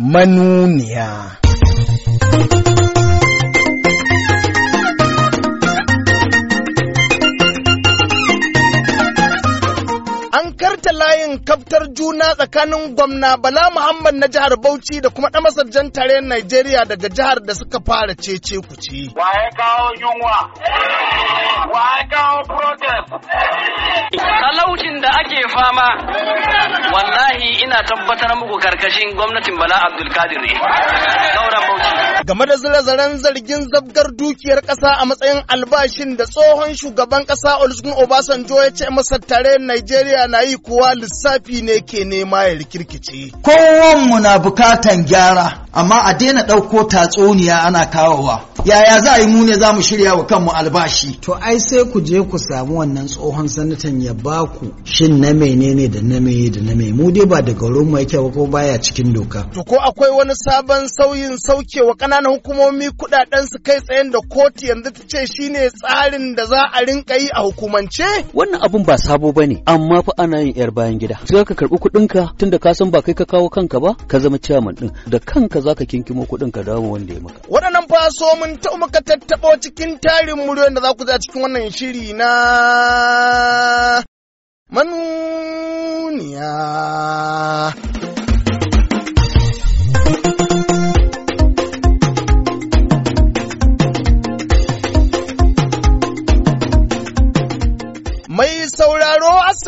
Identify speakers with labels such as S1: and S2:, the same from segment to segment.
S1: manuniya.
S2: karta layin kaftar juna tsakanin gwamna Bala Muhammad na jihar Bauchi da kuma ɗan masarjan tarayyar Najeriya daga jihar da suka fara cece kuci.
S3: Wa ya kawo yunwa? Wa ya kawo protest? Talaucin
S4: da ake fama wallahi ina tabbatar muku karkashin gwamnatin Bala
S3: abdul kadir Bauchi.
S2: Game da zira-zaren zargin zabgar dukiyar ƙasa a matsayin albashin da tsohon shugaban ƙasa Olusegun Obasanjo ya ce masa tare Najeriya na yi kai kuwa lissafi ne ke nema ya rikirkice.
S5: Kowan na bukatan gyara. amma a daina ɗauko tatsuniya ana kawowa yaya za a yi za mu
S1: shirya wa kanmu albashi to ai sai ku je ku samu wannan tsohon sanatan ya ba ku shin na menene da na meye da na me? mu dai ba daga wurin mu yake ba ko baya cikin doka to
S2: ko akwai wani sabon sauyin saukewa ƙananan hukumomi kuɗaɗen su kai tsayen da kotu yanzu ta ce shine tsarin da za a rinka yi a hukumance
S6: wannan abun ba sabo bane amma fa ana yin yar bayan gida sai ka karɓi kuɗinka tunda ka san ba kai ka kawo kanka ba ka zama ciyaman ɗin da kanka za ka kinkimo kuɗin ka dawo wanda ya maka
S2: waɗannan fa so mun ta muka tattabo cikin tarin muryoyin da za ku ji a cikin wannan shiri na manuniya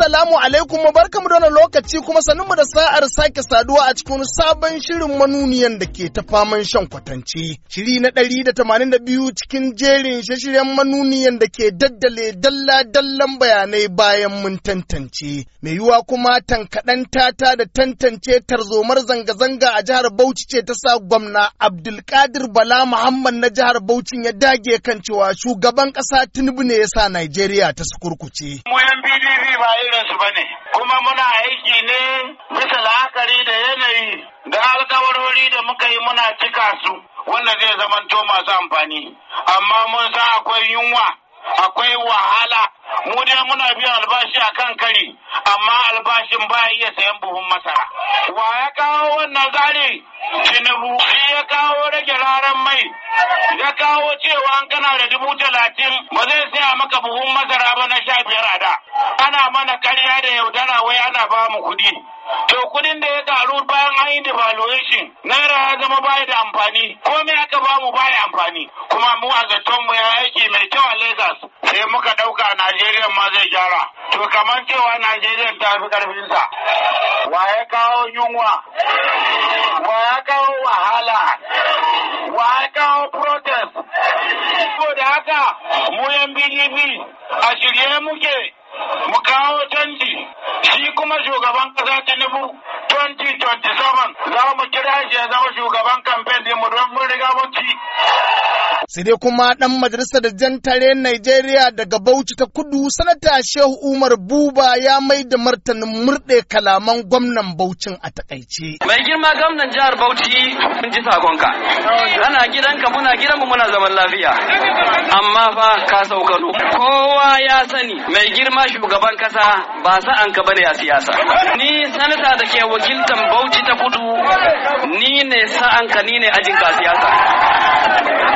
S2: Assalamu alaikum barkamu da lokaci kuma sanin mu da sa'ar sake saduwa a cikin sabon shirin manuniyan da ke ta faman shan kwatance. Shiri na ɗari da tamanin da biyu cikin jerin shashiryan manuniyan da ke daddale dalla-dallan bayanai bayan mun tantance. Mai yiwuwa kuma tankaɗan tata da tantance tarzomar zanga-zanga a jihar Bauchi ce ta sa gwamna Abdulkadir Bala Muhammad na jihar Bauchi ya dage kan cewa shugaban ƙasa Tinubu ne ya sa Najeriya ta sukurkuce.
S3: Mu 'yan PDP ba irinsu ba ne kuma muna aiki ne bisa la'akari da yanayi da alkawarori da muka yi muna cika su wanda zai zamanto masu amfani amma mun san akwai yunwa akwai wahala mu dai muna biyan albashi a kan kari amma albashin ba iya sayan buhun masara wa ya kawo wannan zari tinubu ya kawo rage raran mai ya kawo cewa an kana da dubu talatin ba zai saya maka buhun masara ba na sha biyar a da ana mana karya da yaudara wai ana ba mu kuɗi. To kuɗin da ya karu bayan an yi devaluation naira ya zama baya da amfani komai aka ba mu baya amfani kuma mu a zaton mu ya aiki mai kyau a Lagos sai muka ɗauka Najeriya ma zai gyara. To kamar cewa Najeriya ta fi ƙarfinsa. Wa ya kawo yunwa? Wa ya kawo wahala? Wa ya kawo protest? ko da haka mu yan BDP a shirye muke kawo canji shi kuma shugaban ƙasa Tinubu 2027 za mu kira shi ya
S2: sai dai kuma ɗan majalisar jan tare Najeriya daga Bauchi ta kudu sanata Shehu Umar Buba ya mai da martanin murɗe kalaman gwamnan Bauchin a takaice.
S4: Mai girma gwamnan jihar Bauchi mun ji sakonka. Ana gidanka muna gidanmu muna zaman lafiya. Amma fa ka saukalo. Kowa ya sani mai girma shugaban kasa ba sa'an ka bane a siyasa. Ni sanata da ke wakiltan Bauchi ta kudu ni ne sa'an ka ni ne ajin ka siyasa.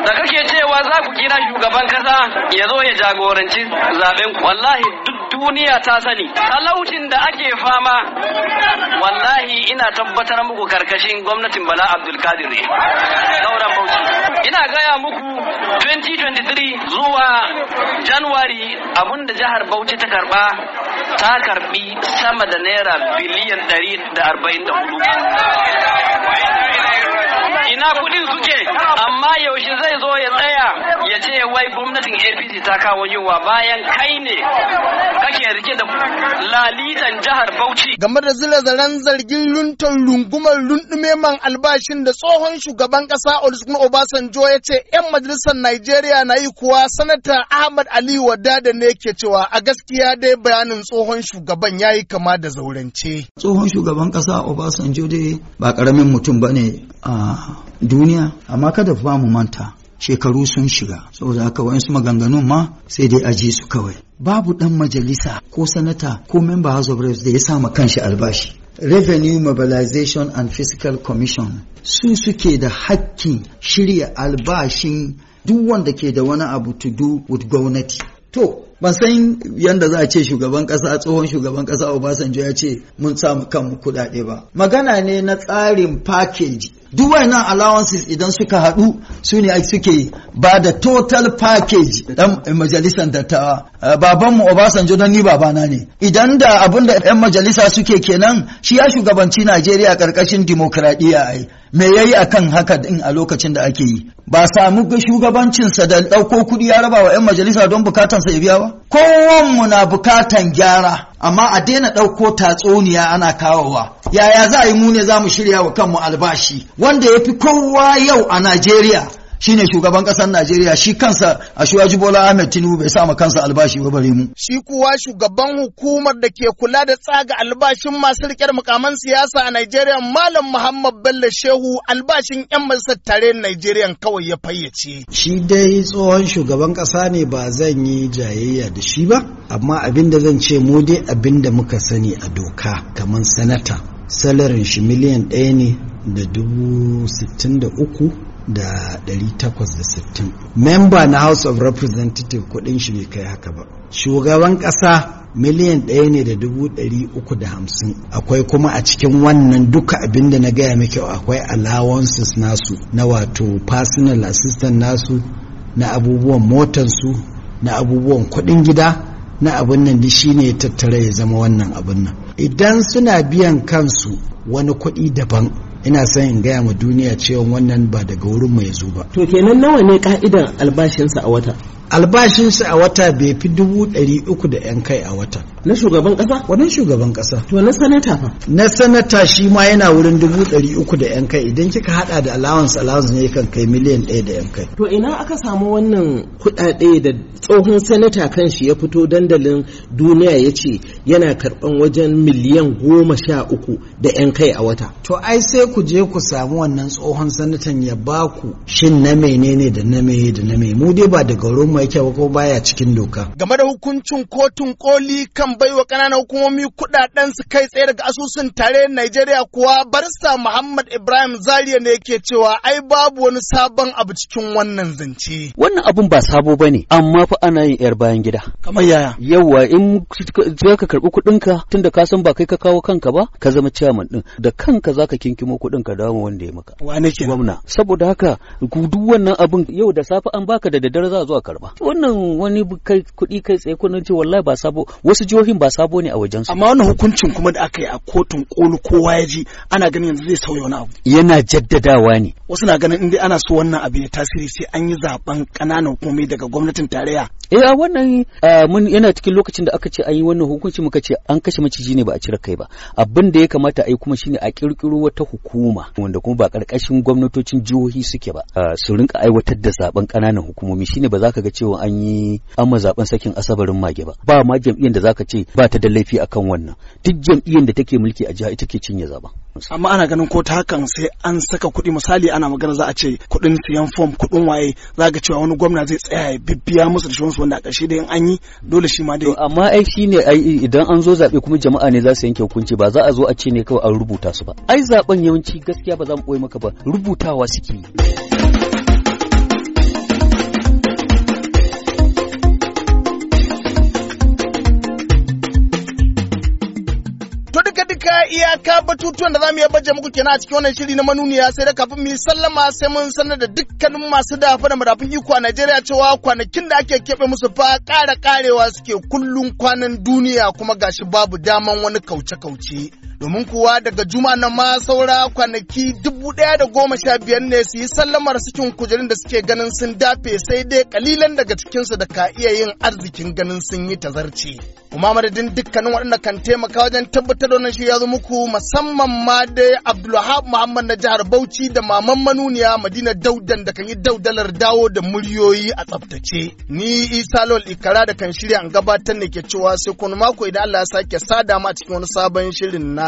S4: da kake cewa za ku kira shugaban kasa ya zo ya jagoranci zaben wallahi duk duniya ta sani talaucin da ake fama wallahi ina tabbatar muku karkashin gwamnatin Bala Abdul Kadir ne dauran Bauchi ina gaya muku 2023 zuwa January da jihar Bauchi ta karba ta karbi sama da naira biliyan 144 ina kudin suke amma yaushe zai zo ya tsaya ya ce wai gwamnatin apc ta kawo yiwa bayan kai ne kake rike da lalitan jihar
S2: Bauchi. Game da zira-zaren zargin luntar rungumar lundume man albashin da tsohon shugaban kasa Olusegun Obasanjo ya ce 'yan majalisar Najeriya na yi kuwa sanata Ahmad Ali Wadada ne ke cewa a gaskiya dai bayanin tsohon shugaban ya yi kama da zaurance. Tsohon
S5: shugaban kasa Obasanjo dai ba karamin mutum bane a duniya amma kada fa mu manta shekaru sun shiga saboda haka wa'insu maganganun ma sai dai aji su kawai babu dan majalisa ko sanata ko member house of reps da ya sama kanshi albashi revenue mobilization and fiscal commission su suke da hakkin shirya albashin duk wanda ke da wani abu to do with gwamnati to ban san yadda za a ce shugaban kasa tsohon shugaban kasa Obasanjo ya ce mun samu kanmu kuɗaɗe ba magana ne na tsarin package duk wayannan allowances idan suka haɗu su ne suke ba da total package ɗan majalisar dattawa eh, babanmu obasanjo don ni babana ne idan da abin da 'yan majalisa suke kenan shi ya shugabanci najeriya ƙarƙashin dimokuraɗiyya ai me ya yi a kan haka din a lokacin da ake yi ba samu shugabancinsa da ɗauko kuɗi ya raba wa 'yan majalisa don bukatansa ya biya ba kowanmu na bukatan gyara amma a daina ɗauko tatsuniya ana kawowa yaya za a yi mu ne za mu shirya wa kanmu albashi wanda ya fi kowa yau a najeriya Shi ne shugaban ƙasar Najeriya shi kansa a shuwaji Bola Ahmed Tinubu bai sa ma kansa albashi ba bare mu.
S2: Shi kuwa shugaban hukumar da ke kula da tsaga albashin masu riƙar mukaman siyasa a Najeriya Malam Muhammad Bello Shehu albashin 'yan majalisar tare Najeriya kawai ya fayyace.
S1: Shi dai tsohon shugaban ƙasa ne ba zan yi jayayya da shi ba amma abin da zan ce mu dai abin da muka sani a doka kamar sanata salarin shi miliyan ɗaya ne da dubu sittin da uku da 860 memba na house of representative kudin shi bai kai haka ba shugaban kasa miliyan ɗaya ne da dubu ɗari uku da hamsin akwai kuma a cikin wannan duka abinda na gaya miki akwai allowances nasu na wato personal assistant nasu na abubuwan motansu na abubuwan kuɗin gida na abin nan da shi ne ya tattara ya zama wannan abin nan idan suna biyan kansu wani kuɗi daban ina son in gaya ma duniya cewa wannan ba daga wurin mu ya zo ba to kenan nawa ne ka'idan albashinsa a wata albashinsa a wata bai fi dubu ɗari uku da yan kai a wata. Na shugaban ƙasa? Wannan shugaban ƙasa. To na sanata fa? Na sanata shi ma yana wurin dubu ɗari uku da yan kai idan kika haɗa da allowance allowance ne kan kai miliyan ɗaya da yan kai. To ina aka samu wannan kuɗaɗe da tsohon sanata kan shi ya fito dandalin duniya ya ce yana karɓan wajen miliyan goma sha uku da yan kai a wata. To ai sai ku je ku samu wannan tsohon sanatan ya baku shin na menene da na me da na me mu dai ba daga Roma hukuma yake ko baya cikin doka
S2: game da hukuncin kotun koli kan baiwa kananan hukumomi kudaden su kai tsaye daga asusun tare Najeriya kuwa barista Muhammad Ibrahim Zariya ne yake cewa ai babu wani sabon abu cikin wannan zance
S6: wannan abun ba sabo bane amma fa ana yin yar bayan gida kamar yaya yawa in za ka karɓi kuɗinka tunda ka san ba kai ka kawo kanka ba ka zama ciyaman din da kanka zaka kinkimo kuɗin ka dawo wanda ya maka wane ke gwamna saboda haka duk wannan abun yau da safe an baka da daddare za a zo a karba ba wannan wani kai kuɗi kai tsaye kunan ce wallahi ba sabo wasu jihohin ba sabo ne a wajen su amma wannan hukuncin kuma da aka yi a kotun kolu kowa ya ji ana ganin yanzu zai sauya wani abu yana jaddadawa ne
S2: wasu na ganin indai ana so wannan abu ya tasiri sai an yi zaben ƙananan hukumomi daga gwamnatin tarayya
S6: eh a wannan mun yana cikin lokacin da aka ce an yi wannan hukunci muka ce an kashe maciji ne ba a cire kai ba abin da ya kamata a yi kuma shine a kirkiro wata hukuma wanda kuma ba karkashin gwamnatocin jihohi suke ba su rinka aiwatar da zaben ƙananan hukumomi shine ba za ka ga cewa an yi an zaben sakin asabarin mage ba ba ma jam'iyyar da zaka ce ba ta da laifi akan wannan duk jam'iyyar da take mulki a jiha ita ke cinye zaba amma ana ganin ko ta hakan sai an saka kuɗi
S2: misali ana magana za a ce kuɗin siyan fom kuɗin waye za ka cewa wani gwamna zai tsaya ya bibbiya
S6: musu da shi wanda a ƙarshe da in an yi dole shi ma dai amma ai ai idan an zo zaɓe kuma jama'a ne za su yanke hukunci ba za a zo a ce ne kawai an rubuta su ba ai zaben yawanci gaskiya ba za mu ɓoye maka ba rubutawa suke yi
S2: iyaka batutuwan da za mu iya baje muku kenan a cikin wannan shiri na manuniya sai da kafin mu yi sallama sai mun sanar da dukkanin masu dafa da madafin iko a Najeriya cewa kwanakin da ake keɓe musu fa ƙara ƙarewa suke kullun kwanan duniya kuma gashi babu daman wani kauce-kauce. domin kuwa daga juma na ma kwanaki dubu ɗaya da goma sha biyar ne su yi sallamar cikin kujerun da suke ganin sun dafe sai dai kalilan daga cikinsu da ka iya yin arzikin ganin sun yi tazarci. Kuma madadin dukkanin waɗanda kan taimaka wajen tabbatar da shi ya zo muku musamman ma dai Abdulwahab Muhammad na jihar Bauchi da Maman Manuniya Madina Daudan da kan yi daudalar dawo da muryoyi a tsaftace. Ni Isa Lol Ikara da kan shirya an gabatar ne ke cewa sai kun mako idan Allah ya sake sada ma cikin wani sabon shirin na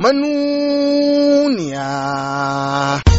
S2: manuniya